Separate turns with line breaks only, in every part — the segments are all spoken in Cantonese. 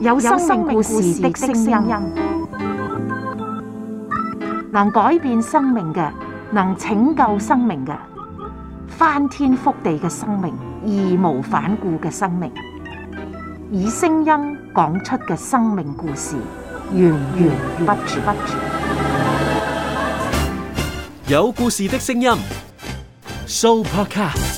有生命故事的聲音，能改變生命嘅，能拯救生命嘅，翻天覆地嘅生命，義無反顧嘅生命，以聲音講出嘅生命故事，源源不絕。有故事的聲音，Soupercast。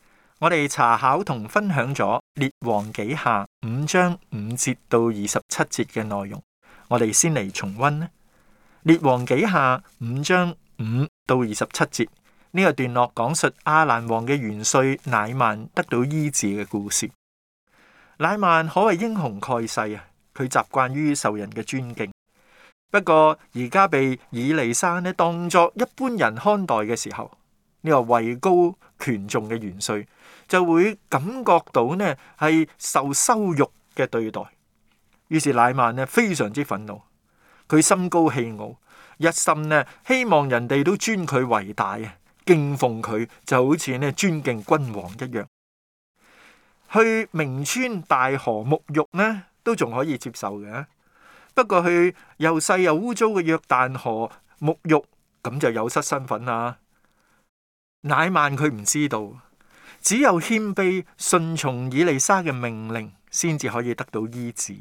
我哋查考同分享咗《列王紀下》五章五節到二十七節嘅內容，我哋先嚟重溫啦。《列王紀下》五章五到二十七節呢，這個段落講述亞蘭王嘅元帥乃曼得到醫治嘅故事。乃曼可謂英雄蓋世啊！佢習慣於受人嘅尊敬，不過而家被以利沙咧當作一般人看待嘅時候。你話位高權重嘅元帥就會感覺到呢係受羞辱嘅對待，於是乃曼呢非常之憤怒，佢心高氣傲，一心呢希望人哋都尊佢為大啊，敬奉佢就好似呢尊敬君王一樣。去明川大河沐浴呢都仲可以接受嘅，不過去又細又污糟嘅約旦河沐浴咁就有失身份啦。乃曼佢唔知道，只有謙卑順從以利沙嘅命令，先至可以得到醫治。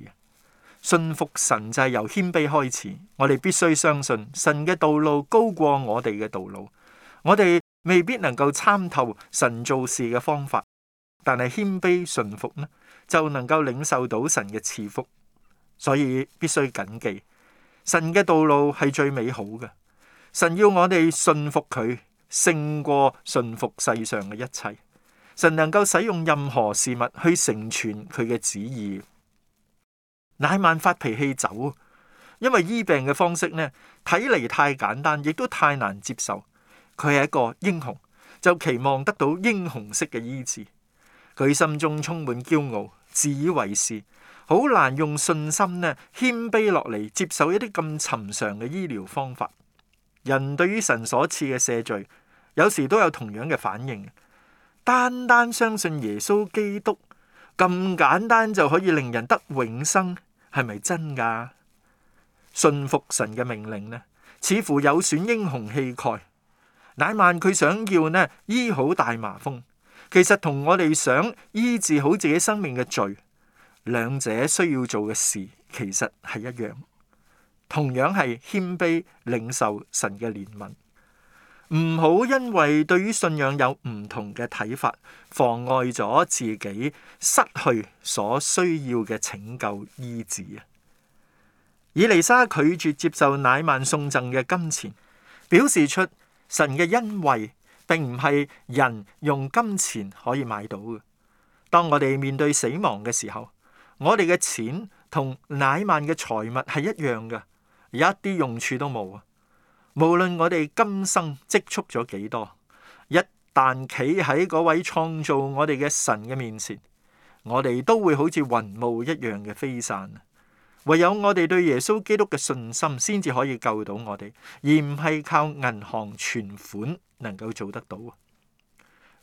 信服神就係由謙卑開始。我哋必須相信神嘅道路高過我哋嘅道路。我哋未必能夠參透神做事嘅方法，但係謙卑信服呢，就能夠領受到神嘅賜福。所以必須謹記，神嘅道路係最美好嘅。神要我哋信服佢。勝過順服世上嘅一切，神能夠使用任何事物去成全佢嘅旨意。乃曼發脾氣走，因為醫病嘅方式呢，睇嚟太簡單，亦都太難接受。佢係一個英雄，就期望得到英雄式嘅醫治。佢心中充滿驕傲，自以為是，好難用信心呢，謙卑落嚟接受一啲咁尋常嘅醫療方法。人對於神所賜嘅赦罪。有時都有同樣嘅反應，單單相信耶穌基督咁簡單就可以令人得永生，係咪真噶？信服神嘅命令咧，似乎有損英雄氣概。乃縵佢想要呢，醫好大麻風，其實同我哋想醫治好自己生命嘅罪，兩者需要做嘅事其實係一樣，同樣係謙卑領受神嘅憐憫。唔好因為對於信仰有唔同嘅睇法，妨礙咗自己失去所需要嘅拯救意志啊！以利沙拒絕接受乃曼送贈嘅金錢，表示出神嘅恩惠，並唔係人用金錢可以買到嘅。當我哋面對死亡嘅時候，我哋嘅錢同乃曼嘅財物係一樣嘅，一啲用處都冇啊！無論我哋今生積蓄咗幾多，一旦企喺嗰位創造我哋嘅神嘅面前，我哋都會好似雲霧一樣嘅飛散。唯有我哋對耶穌基督嘅信心，先至可以救到我哋，而唔係靠銀行存款能夠做得到。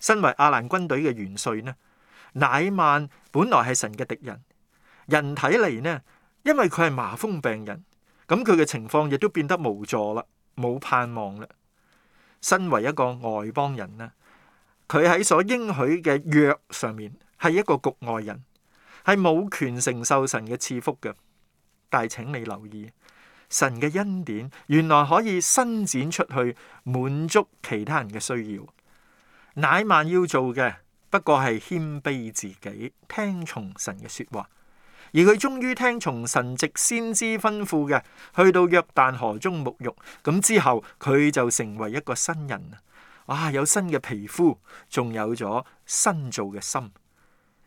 身為亞蘭軍隊嘅元帥呢，乃曼本來係神嘅敵人，人睇嚟呢，因為佢係麻風病人，咁佢嘅情況亦都變得無助啦。冇盼望啦。身為一個外邦人啦，佢喺所應許嘅約上面係一個局外人，係冇權承受神嘅賜福嘅。但係請你留意，神嘅恩典原來可以伸展出去，滿足其他人嘅需要。乃曼要做嘅，不過係謙卑自己，聽從神嘅說話。而佢終於聽從神籍先知吩咐嘅，去到約旦河中沐浴，咁之後佢就成為一個新人啊！有新嘅皮膚，仲有咗新造嘅心。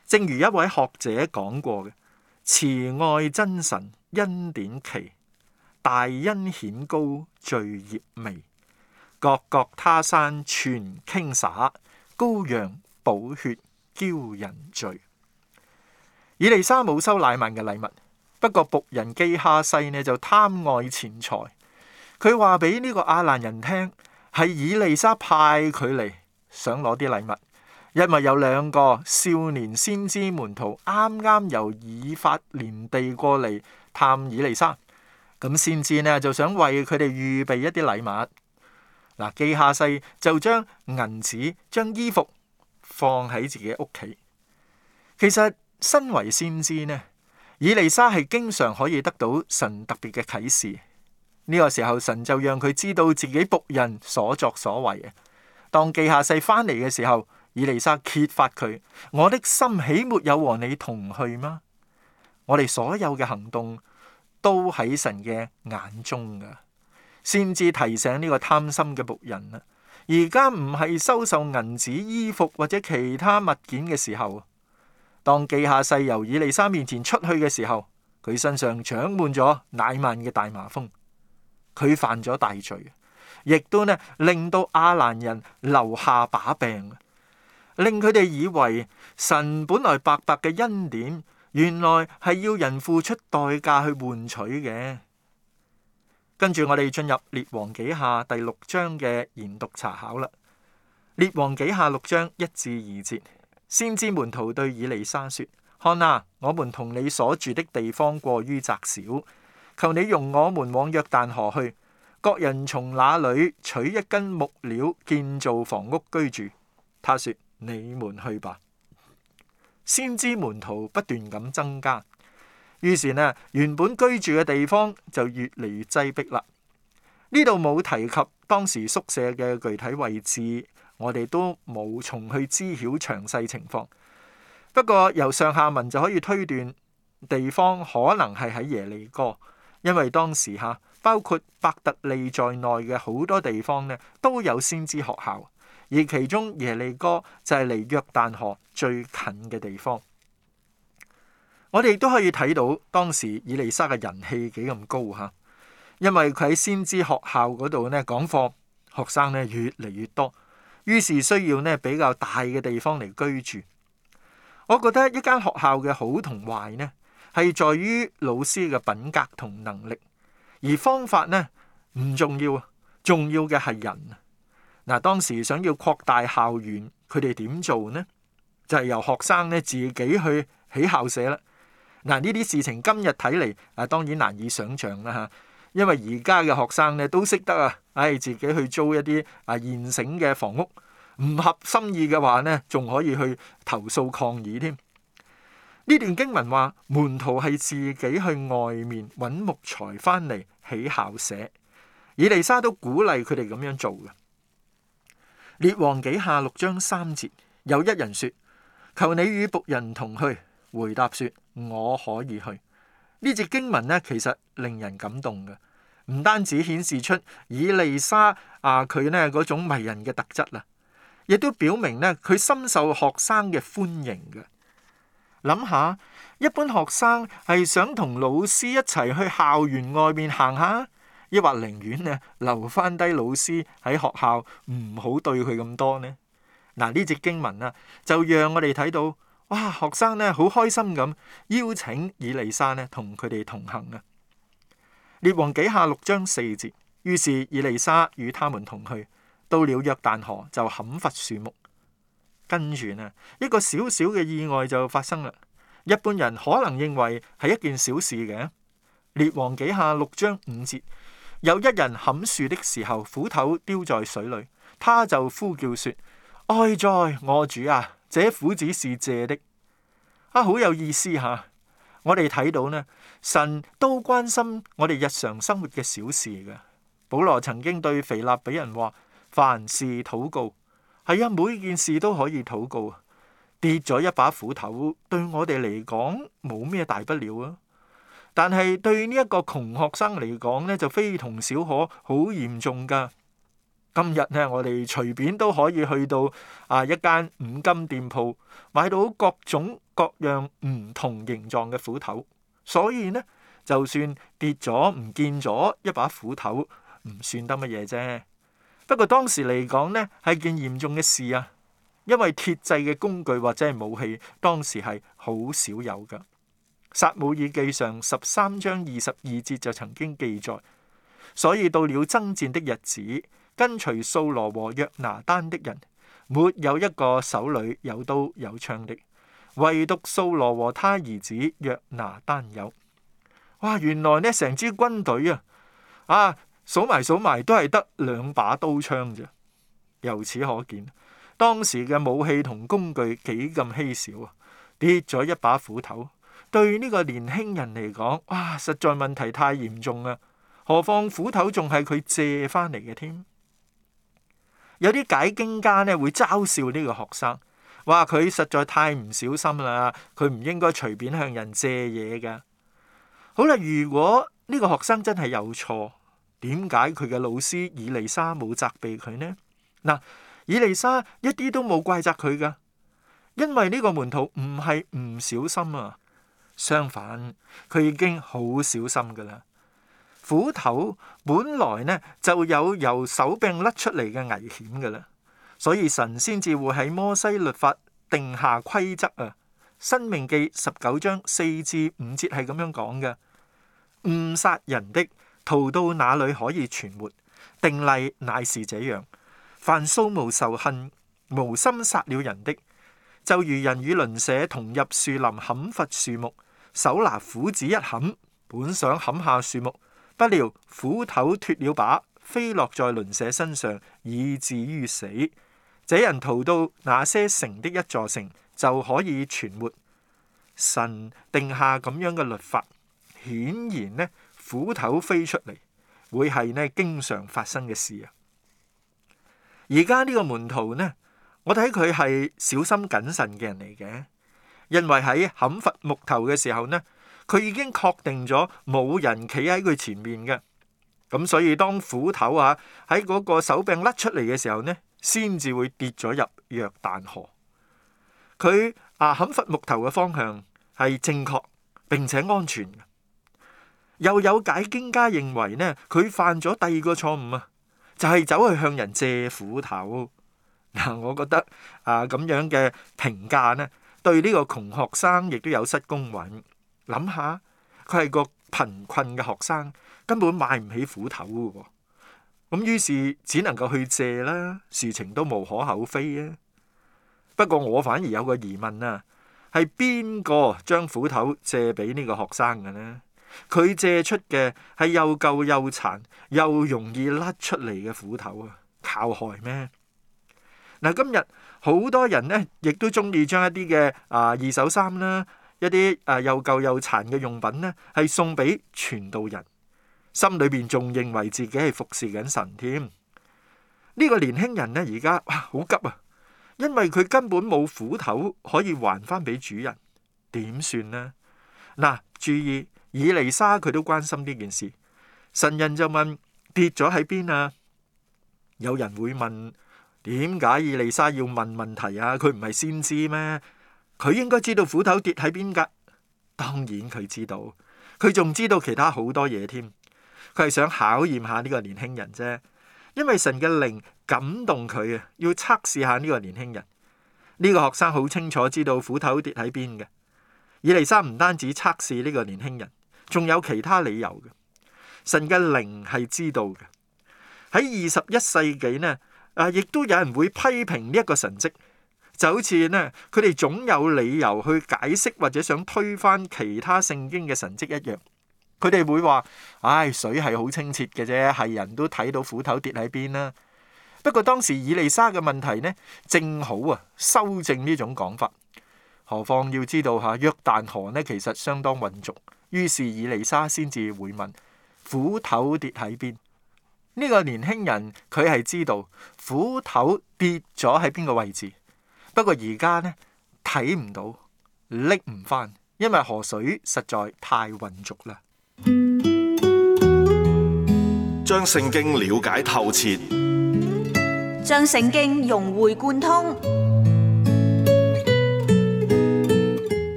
正如一位學者講過嘅：慈愛真神恩典奇，大恩顯高罪孽微。」各各他山全傾灑，羔羊寶血驕人罪。以利沙冇收乃縵嘅禮物，不過僕人基哈西呢就貪愛錢財。佢話俾呢個阿蘭人聽，係以利沙派佢嚟想攞啲禮物。因為有兩個少年先知門徒，啱啱由以法蓮地過嚟探以利沙，咁先至呢就想為佢哋預備一啲禮物。嗱，基哈西就將銀紙、將衣服放喺自己屋企，其實。身為先知呢，以利沙係經常可以得到神特別嘅啟示。呢、這個時候，神就讓佢知道自己僕人所作所為啊。當記下世翻嚟嘅時候，以利沙揭發佢：，我的心豈沒有和你同去嗎？我哋所有嘅行動都喺神嘅眼中噶，先至提醒呢個貪心嘅僕人啦。而家唔係收受銀子、衣服或者其他物件嘅時候。當記下世由以利沙面前出去嘅時候，佢身上長滿咗乃曼嘅大麻風，佢犯咗大罪，亦都呢令到阿蘭人留下把柄，令佢哋以為神本來白白嘅恩典，原來係要人付出代價去換取嘅。跟住我哋進入列王記下第六章嘅研讀查考啦。列王記下六章一至二節。先知門徒對以利沙說：看啊，我們同你所住的地方過於窄小，求你容我們往約旦河去，各人從那裏取一根木料建造房屋居住。他說：你們去吧。先知門徒不斷咁增加，於是呢，原本居住嘅地方就越嚟越擠迫啦。呢度冇提及當時宿舍嘅具體位置。我哋都無從去知曉詳細情況，不過由上下文就可以推斷地方可能係喺耶利哥，因為當時嚇包括伯特利在內嘅好多地方咧都有先知學校，而其中耶利哥就係離約旦河最近嘅地方。我哋都可以睇到當時以利沙嘅人氣幾咁高嚇，因為佢喺先知學校嗰度咧講課，學生咧越嚟越多。於是需要咧比較大嘅地方嚟居住。我覺得一間學校嘅好同壞呢，係在於老師嘅品格同能力，而方法呢唔重要，重要嘅係人。嗱，當時想要擴大校園，佢哋點做呢？就係由學生咧自己去起校舍啦。嗱，呢啲事情今日睇嚟啊，當然難以想像啦嚇。因為而家嘅學生咧都識得啊，誒自己去租一啲啊現成嘅房屋，唔合心意嘅話呢，仲可以去投訴抗議添。呢段經文話，門徒係自己去外面揾木材翻嚟起校舍，以利沙都鼓勵佢哋咁樣做嘅。列王紀下六章三節，有一人說：求你與僕人同去。回答說：我可以去。呢節經文咧，其實令人感動嘅，唔單止顯示出以利沙啊佢呢嗰種迷人嘅特質啦，亦都表明呢佢深受學生嘅歡迎嘅。諗下，一般學生係想同老師一齊去校園外面行下，抑或寧願啊留翻低老師喺學校，唔好對佢咁多呢？嗱，呢節經文啊，就讓我哋睇到。哇！學生呢好開心咁邀請以利沙呢同佢哋同行啊！列王紀下六章四節，於是以利沙與他們同去，到了約旦河就砍伐樹木。跟住呢一個小小嘅意外就發生啦。一般人可能認為係一件小事嘅。列王紀下六章五節，有一人砍樹的時候斧頭丟在水裏，他就呼叫說：哀哉，我主啊！這斧子是借的，啊，好有意思吓、啊！我哋睇到咧，神都關心我哋日常生活嘅小事嘅、啊。保羅曾經對腓立比人話：凡事禱告，係啊，每件事都可以禱告。啊、跌咗一把斧頭，對我哋嚟講冇咩大不了啊。但係對呢一個窮學生嚟講呢就非同小可，好嚴重噶。今日咧，我哋隨便都可以去到啊一間五金店鋪，買到各種各樣唔同形狀嘅斧頭。所以呢，就算跌咗唔見咗一把斧頭，唔算得乜嘢啫。不過當時嚟講呢，係件嚴重嘅事啊，因為鐵製嘅工具或者係武器，當時係好少有噶。《撒母耳記》上十三章二十二節就曾經記載，所以到了爭戰的日子。跟隨掃羅和約拿單的人沒有一個手裏有刀有槍的，唯獨掃羅和他兒子約拿單有。哇，原來呢成支軍隊啊，啊數埋數埋都係得兩把刀槍啫。由此可見，當時嘅武器同工具幾咁稀少啊！跌咗一把斧頭，對呢個年輕人嚟講，哇，實在問題太嚴重喇！何況斧頭仲係佢借翻嚟嘅添。有啲解經家咧會嘲笑呢個學生，話佢實在太唔小心啦，佢唔應該隨便向人借嘢㗎。好啦，如果呢個學生真係有錯，點解佢嘅老師以利沙冇責備佢呢？嗱，以利沙一啲都冇怪責佢㗎，因為呢個門徒唔係唔小心啊，相反佢已經好小心噶啦。斧頭本來呢就有由手柄甩出嚟嘅危險噶啦，所以神先至會喺摩西律法定下規則啊。申命記十九章四至五節係咁樣講嘅：誤殺人的逃到哪裡可以存活？定例乃是這樣，凡素無仇恨、無心殺了人的，就如人與鄰舍同入樹林砍伐樹木，手拿斧子一砍，本想砍下樹木。不料斧頭脫了把，飛落在鄰舍身上，以至於死。這人逃到那些城的一座城，就可以存活。神定下咁樣嘅律法，顯然呢，斧頭飛出嚟會係咧經常發生嘅事啊！而家呢個門徒呢，我睇佢係小心謹慎嘅人嚟嘅，因為喺砍伐木頭嘅時候呢，佢已經確定咗冇人企喺佢前面嘅，咁，所以當斧頭啊喺嗰個手柄甩出嚟嘅時候呢，先至會跌咗入約旦河。佢啊，砍伐木頭嘅方向係正確並且安全。又有解經家認為呢，佢犯咗第二個錯誤啊，就係、是、走去向人借斧頭。嗱、啊，我覺得啊咁樣嘅評價呢，對呢個窮學生亦都有失公允。諗下，佢係個貧困嘅學生，根本買唔起斧頭噶喎。咁於是只能夠去借啦，事情都無可厚非啊。不過我反而有個疑問啊，係邊個將斧頭借俾呢個學生嘅呢？佢借出嘅係又舊又殘又容易甩出嚟嘅斧頭啊，靠害咩？嗱，今日好多人呢，亦都中意將一啲嘅啊二手衫啦。一啲誒又舊又殘嘅用品呢，係送俾傳道人，心裏邊仲認為自己係服侍緊神添。呢、這個年輕人呢，而家好急啊，因為佢根本冇斧頭可以還翻俾主人，點算呢？嗱、啊，注意，以利沙佢都關心呢件事。神人就問：跌咗喺邊啊？有人會問：點解以利沙要問問題啊？佢唔係先知咩？佢應該知道斧頭跌喺邊噶當然佢知道，佢仲知道其他好多嘢添。佢係想考驗下呢個年輕人啫，因為神嘅靈感動佢啊，要測試下呢個年輕人。呢個學生好清楚知道斧頭跌喺邊嘅。以利沙唔單止測試呢個年輕人，仲有其他理由嘅。神嘅靈係知道嘅。喺二十一世紀呢，啊，亦都有人會批評呢一個神蹟。就好似呢，佢哋總有理由去解釋或者想推翻其他聖經嘅神蹟一樣。佢哋會話，唉，水係好清澈嘅啫，係人都睇到斧頭跌喺邊啦。不過當時以利沙嘅問題呢，正好啊修正呢種講法。何況要知道嚇約旦河呢，其實相當混濁。於是以利沙先至會問斧頭跌喺邊。呢個年輕人佢係知道斧頭跌咗喺邊個位置。不過而家呢，睇唔到，拎唔返，因為河水實在太渾濁啦。將聖經了解透徹，將聖經融會貫通。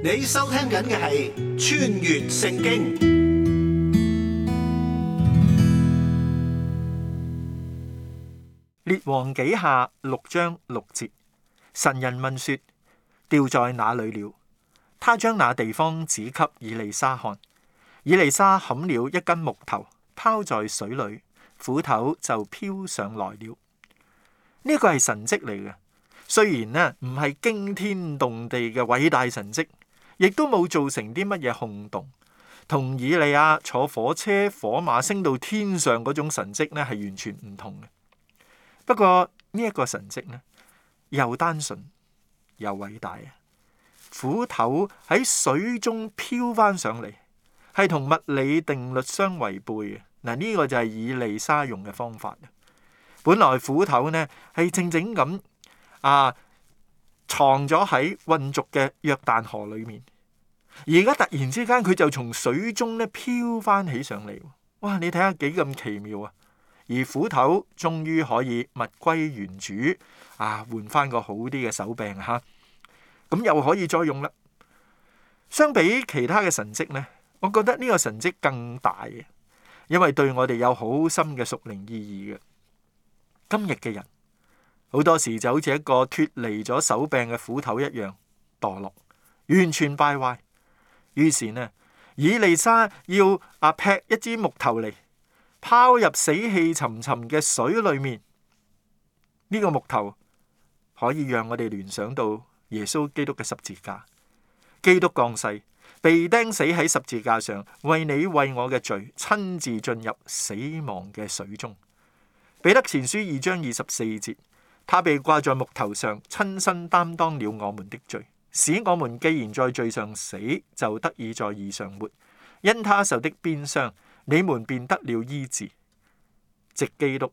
你收聽緊嘅係《穿越聖經》，列王紀下六章六節。神人問說：掉在哪裏了？他將那地方指給以利沙看。以利沙砍了一根木頭，拋在水裏，斧頭就飄上來了。呢、這個係神蹟嚟嘅，雖然呢唔係驚天動地嘅偉大神蹟，亦都冇造成啲乜嘢轟動，同以利亞坐火車火馬升到天上嗰種神蹟呢係完全唔同嘅。不過呢一，這個神蹟呢。又單純又偉大啊！斧頭喺水中漂翻上嚟，係同物理定律相違背嘅。嗱，呢個就係以利沙用嘅方法。本來斧頭咧係靜靜咁啊藏咗喺混濁嘅約旦河裏面，而家突然之間佢就從水中咧漂翻起上嚟。哇！你睇下幾咁奇妙啊！而斧頭終於可以物歸原主，啊，換翻個好啲嘅手柄吓，咁又可以再用啦。相比其他嘅神蹟呢，我覺得呢個神蹟更大嘅，因為對我哋有好深嘅屬靈意義嘅。今日嘅人好多時就好似一個脫離咗手柄嘅斧頭一樣，墮落，完全敗壞。於是呢，以利沙要啊劈一支木頭嚟。拋入死氣沉沉嘅水裏面，呢、這個木頭可以讓我哋聯想到耶穌基督嘅十字架。基督降世，被釘死喺十字架上，為你為我嘅罪，親自進入死亡嘅水中。彼得前書二章二十四節，他被掛在木頭上，親身擔當了我們的罪，使我們既然在罪上死，就得以在義上活。因他受的鞭傷，你們便得了醫治，藉基督，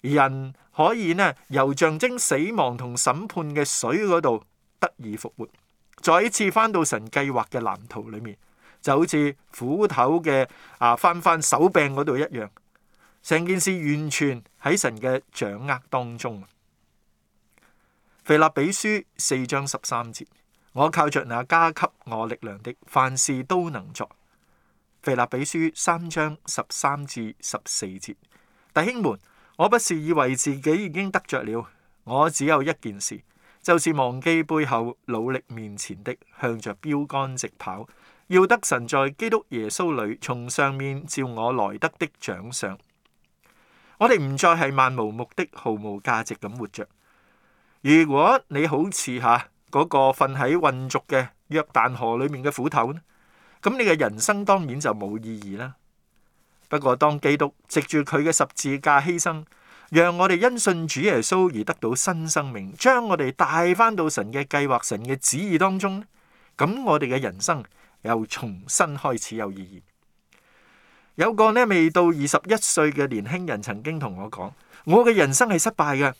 人可以呢由象徵死亡同審判嘅水嗰度得以復活，再一次翻到神計劃嘅藍圖裏面，就好似斧頭嘅啊翻翻手柄嗰度一樣，成件事完全喺神嘅掌握當中。腓立比書四章十三節，我靠着那加給我力量的，凡事都能做。」腓立比書三章十三至十四節，弟兄們，我不是以為自己已經得着了，我只有一件事，就是忘記背後，努力面前的，向着標杆直跑，要得神在基督耶穌裏從上面照我來得的獎賞。我哋唔再係漫無目的、毫無價值咁活着。如果你好似吓嗰個瞓喺混濁嘅約旦河裏面嘅斧頭呢？咁你嘅人生當然就冇意義啦。不過當基督藉住佢嘅十字架犧牲，讓我哋因信主耶穌而得到新生命，將我哋帶翻到神嘅計劃、神嘅旨意當中，咁我哋嘅人生又重新開始有意義。有個呢未到二十一歲嘅年輕人曾經同我講：我嘅人生係失敗嘅。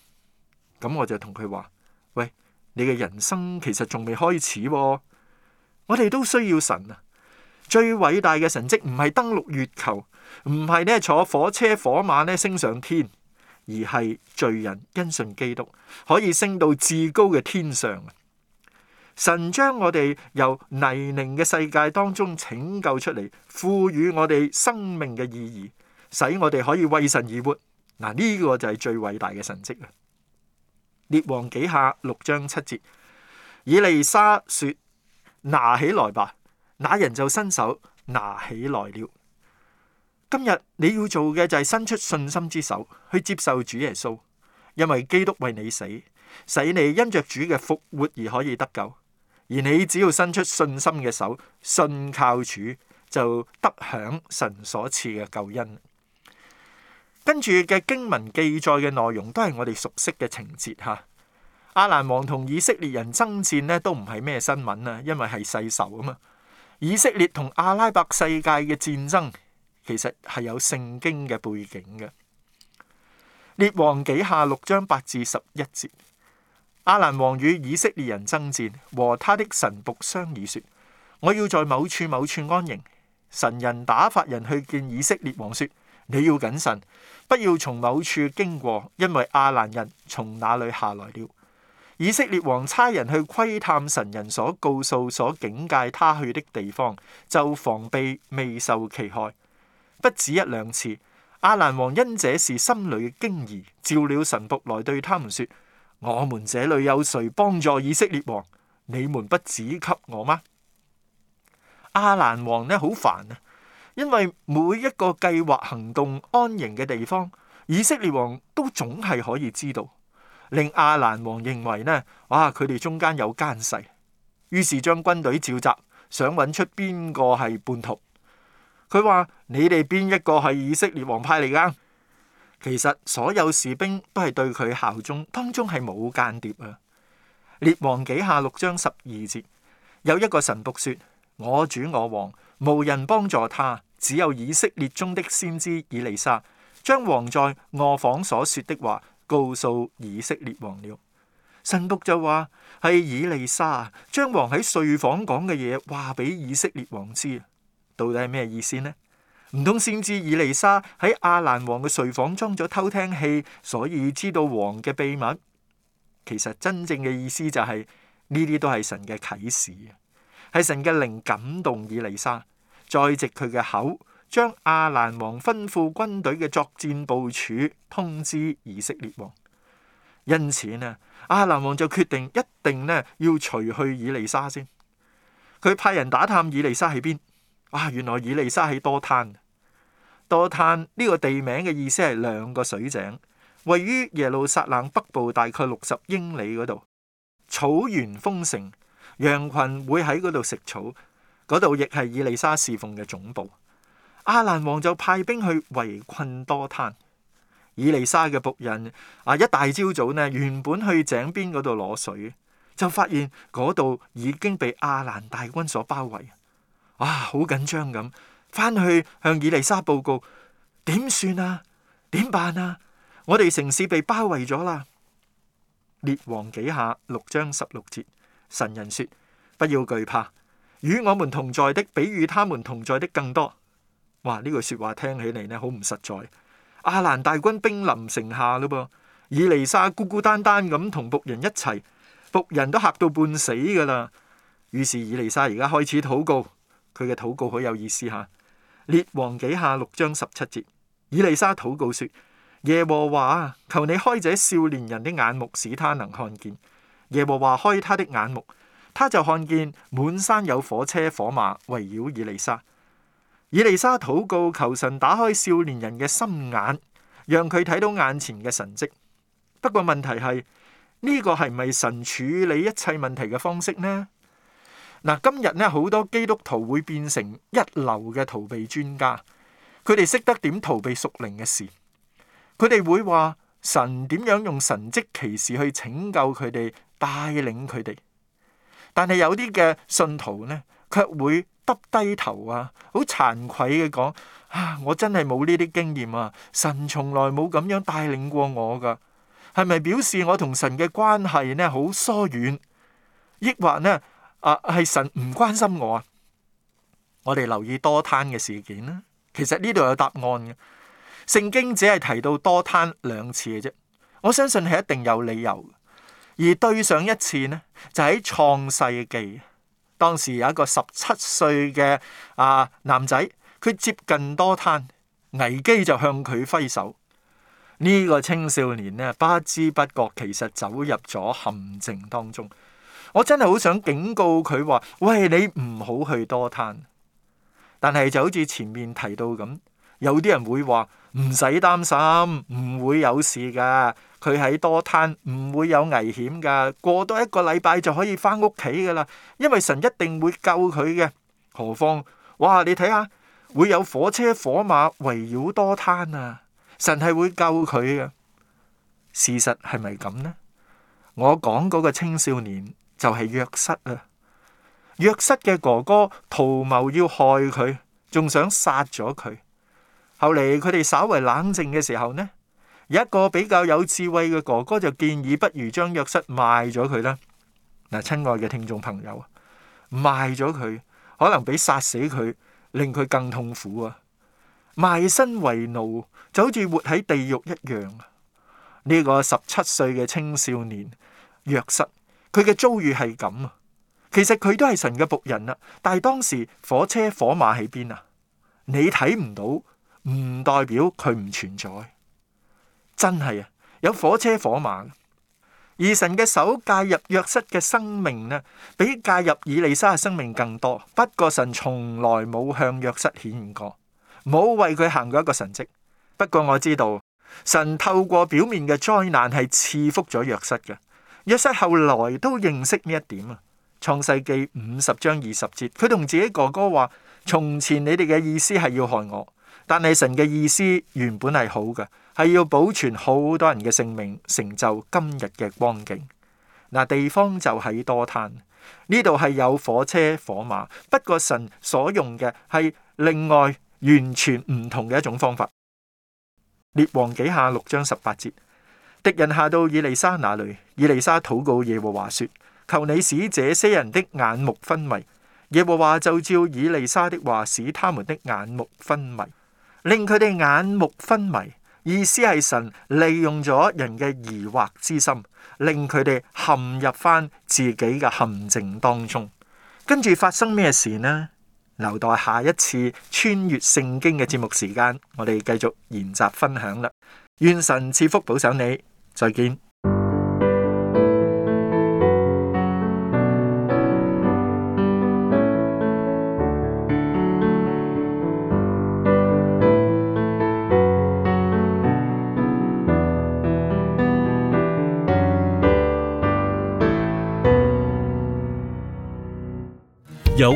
咁我就同佢話：喂，你嘅人生其實仲未開始。我哋都需要神啊！最偉大嘅神蹟唔係登陸月球，唔係咧坐火車火馬咧升上天，而係罪人因信基督可以升到至高嘅天上。神將我哋由泥濘嘅世界當中拯救出嚟，賦予我哋生命嘅意義，使我哋可以為神而活。嗱，呢個就係最偉大嘅神蹟啊！列王紀下六章七節，以利沙說，拿起來吧。那人就伸手拿起來了。今日你要做嘅就係伸出信心之手去接受主耶穌，因為基督為你死，使你因着主嘅復活而可以得救。而你只要伸出信心嘅手，信靠主就得享神所賜嘅救恩。跟住嘅經文記載嘅內容都係我哋熟悉嘅情節。吓，亞蘭王同以色列人爭戰咧，都唔係咩新聞啊，因為係世仇啊嘛。以色列同阿拉伯世界嘅戰爭其實係有聖經嘅背景嘅。列王紀下六章八至十一節，亞蘭王與以色列人爭戰，和他的神僕商議說：我要在某處某處安營。神人打發人去見以色列王說：你要謹慎，不要從某處經過，因為亞蘭人從那裏下來了。以色列王差人去窺探神人所告訴、所警戒他去的地方，就防備未受其害。不止一兩次，亞蘭王因這事心裏驚疑，召了神僕來對他們說：我們這裏有誰幫助以色列王？你們不指給我嗎？亞蘭王呢好煩啊，因為每一個計劃行動、安營嘅地方，以色列王都總係可以知道。令阿蘭王認為呢，哇！佢哋中間有奸細，於是將軍隊召集，想揾出邊個係叛徒。佢話：你哋邊一個係以色列王派嚟㗎？其實所有士兵都係對佢效忠，當中係冇間諜啊！列王紀下六章十二節，有一個神僕說：我主我王，無人幫助他，只有以色列中的先知以利沙，將王在臥房所說的話。告訴以色列王了，神僕就話係以利沙啊，將王喺睡房講嘅嘢話俾以色列王知，到底係咩意思呢？唔通先知以利沙喺亞蘭王嘅睡房裝咗偷聽器，所以知道王嘅秘密？其實真正嘅意思就係呢啲都係神嘅啟示啊，係神嘅靈感動以利沙，再藉佢嘅口。將亞蘭王吩咐軍隊嘅作戰部署通知以色列王，因此呢，亞蘭王就決定一定呢要除去以利沙先。佢派人打探以利沙喺邊，啊，原來以利沙喺多灘，多灘呢個地名嘅意思係兩個水井，位於耶路撒冷北部大概六十英里嗰度，草原豐盛，羊群會喺嗰度食草，嗰度亦係以利沙侍奉嘅總部。亞蘭王就派兵去圍困多灘。以利沙嘅僕人啊，一大朝早呢，原本去井邊嗰度攞水，就發現嗰度已經被亞蘭大軍所包圍啊，好緊張咁翻去向以利沙報告，點算啊？點辦啊？我哋城市被包圍咗啦！列王紀下六章十六節，神人說：不要懼怕，與我們同在的比與他們同在的更多。哇！呢句説話聽起嚟呢，好唔實在。亞蘭大軍兵臨城下嘞噃，以利沙孤孤單單咁同僕人一齊，僕人都嚇到半死噶啦。於是以利沙而家開始禱告，佢嘅禱告好有意思嚇。列王紀下六章十七節，以利沙禱告說：耶和華求你開這少年人的眼目，使他能看見。耶和華開他的眼目，他就看見滿山有火車火馬圍繞以利沙。以利沙禱告求神打開少年人嘅心眼，讓佢睇到眼前嘅神蹟。不過問題係呢、呢個係咪神處理一切問題嘅方式呢？嗱，今日呢，好多基督徒會變成一流嘅逃避專家，佢哋識得點逃避屬靈嘅事，佢哋會話神點樣用神蹟奇事去拯救佢哋，帶領佢哋。但係有啲嘅信徒呢？卻會耷低頭啊，好慚愧嘅講啊，我真係冇呢啲經驗啊，神從來冇咁樣帶領過我噶，係咪表示我同神嘅關係呢，好疏遠，抑或呢啊係神唔關心我啊？我哋留意多攤嘅事件啦，其實呢度有答案嘅，聖經只係提到多攤兩次嘅啫，我相信係一定有理由，而對上一次呢就喺創世記。當時有一個十七歲嘅啊男仔，佢接近多攤，危機就向佢揮手，呢個青少年呢，不知不覺其實走入咗陷阱當中。我真係好想警告佢話：喂，你唔好去多攤。但係就好似前面提到咁，有啲人會話唔使擔心，唔會有事㗎。佢喺多灘唔會有危險噶，過多一個禮拜就可以翻屋企噶啦，因為神一定會救佢嘅。何況，哇！你睇下，會有火車火馬圍繞多灘啊，神係會救佢嘅。事實係咪咁呢？我講嗰個青少年就係約瑟啊，約瑟嘅哥哥圖謀要害佢，仲想殺咗佢。後嚟佢哋稍為冷靜嘅時候呢，一個比較有智慧嘅哥哥就建議，不如將約瑟賣咗佢啦。嗱，親愛嘅聽眾朋友，賣咗佢可能比殺死佢令佢更痛苦啊！賣身為奴，就好似活喺地獄一樣。呢個十七歲嘅青少年約瑟，佢嘅遭遇係咁啊。其實佢都係神嘅僕人啊。但係當時火車火馬喺邊啊？你睇唔到，唔代表佢唔存在。真係啊，有火車火馬，而神嘅手介入約瑟嘅生命咧，比介入以利沙嘅生命更多。不過神從來冇向約瑟顯現過，冇為佢行過一個神跡。不過我知道神透過表面嘅災難係賜福咗約瑟嘅。約瑟後來都認識呢一點啊，創《創世記》五十章二十節，佢同自己哥哥話，從前你哋嘅意思係要害我。但係神嘅意思原本係好嘅，係要保存好多人嘅性命，成就今日嘅光景。嗱，地方就喺多灘呢度，係有火車火馬。不過神所用嘅係另外完全唔同嘅一種方法。列王紀下六章十八節，敵人下到以利沙那裏，以利沙禱告耶和華說：求你使這些人的眼目昏迷。耶和華就照以利沙的話，使他們的眼目昏迷。令佢哋眼目昏迷，意思係神利用咗人嘅疑惑之心，令佢哋陷入翻自己嘅陷阱當中。跟住發生咩事呢？留待下一次穿越聖經嘅節目時間，我哋繼續研習分享啦。願神賜福保守你，再見。